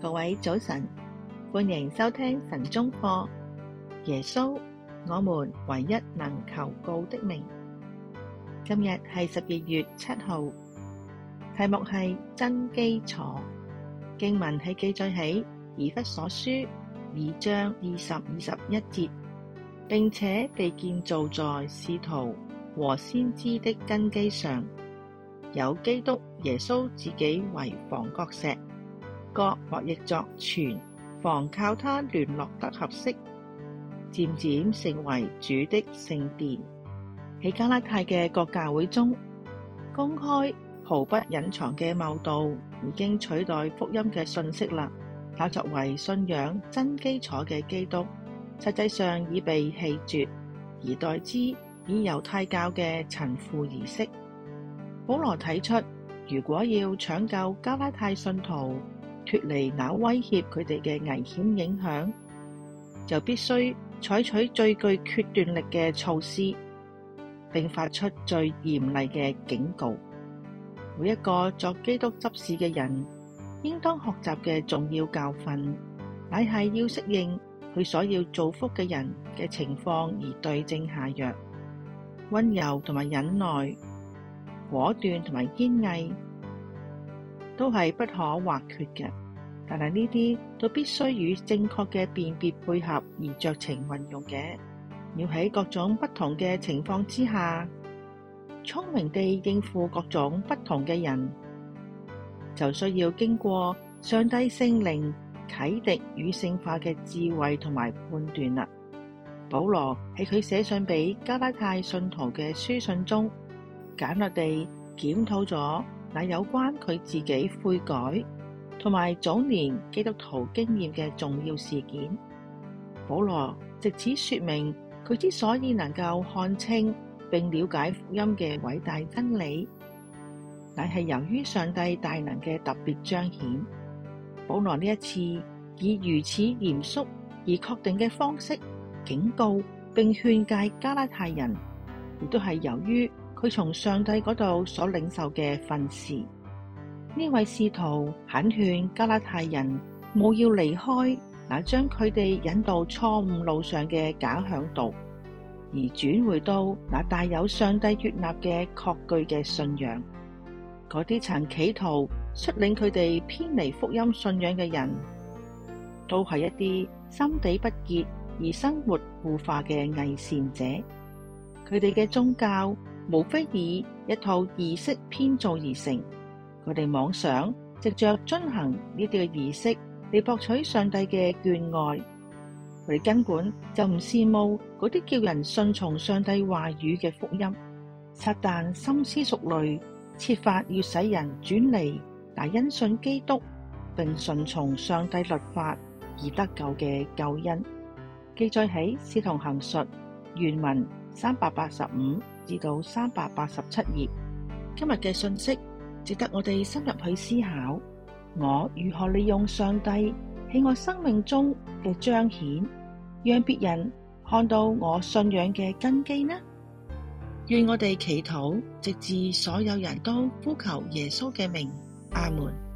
各位早晨，歡迎收聽神中課。耶穌，我們唯一能求告的名。今日係十二月七號，題目係真基礎。經文係記載喺：「以弗所書二章二十二十一節，並且被建造在使徒和先知的根基上，有基督耶穌自己為房角石。各或譯作傳，防靠他聯絡得合適，漸漸成為主的聖殿。喺加拉太嘅各教會中，公開毫不隱藏嘅謬道已經取代福音嘅信息啦。那作為信仰真基礎嘅基督，實際上已被棄絕，而代之以猶太教嘅陳腐儀式。保羅提出，如果要搶救加拉太信徒，脱離那威脅佢哋嘅危險影響，就必須採取最具決斷力嘅措施，並發出最嚴厲嘅警告。每一個作基督執事嘅人，應當學習嘅重要教訓，乃係要適應佢所要造福嘅人嘅情況而對症下藥，温柔同埋忍耐，果斷同埋堅毅。都係不可或缺嘅，但係呢啲都必須與正確嘅辨別配合而酌情運用嘅。要喺各種不同嘅情況之下，聰明地應付各種不同嘅人，就需要經過上帝聖靈啟迪與聖化嘅智慧同埋判斷啦。保羅喺佢寫信俾加拉太信徒嘅書信中，簡略地檢討咗。乃有關佢自己悔改同埋早年基督徒經驗嘅重要事件。保羅借此說明佢之所以能夠看清並了解福音嘅偉大真理，乃係由於上帝大能嘅特別彰顯。保羅呢一次以如此嚴肅而確定嘅方式警告並勸誡加拉太人，亦都係由於。佢從上帝嗰度所領受嘅訓示，呢位使徒懇勸加拉太人，冇要離開那將佢哋引到錯誤路上嘅假嚮導，而轉回到那帶有上帝悅納嘅確據嘅信仰。嗰啲曾企圖率領佢哋偏離福音信仰嘅人，都係一啲心底不潔而生活腐化嘅偽善者。佢哋嘅宗教。無非以一套儀式編造而成，佢哋妄想藉着遵行呢啲嘅儀式嚟博取上帝嘅眷愛。佢哋根本就唔羨慕嗰啲叫人信從上帝話語嘅福音。撒旦深思熟慮，設法要使人轉離，但因信基督並順從上帝律法而得救嘅救恩。記載喺《使徒行述》原文三百八十五，至到三百八十七頁，今日嘅信息值得我哋深入去思考，我如何利用上帝喺我生命中嘅彰顯，讓別人看到我信仰嘅根基呢？願我哋祈禱，直至所有人都呼求耶穌嘅名。阿門。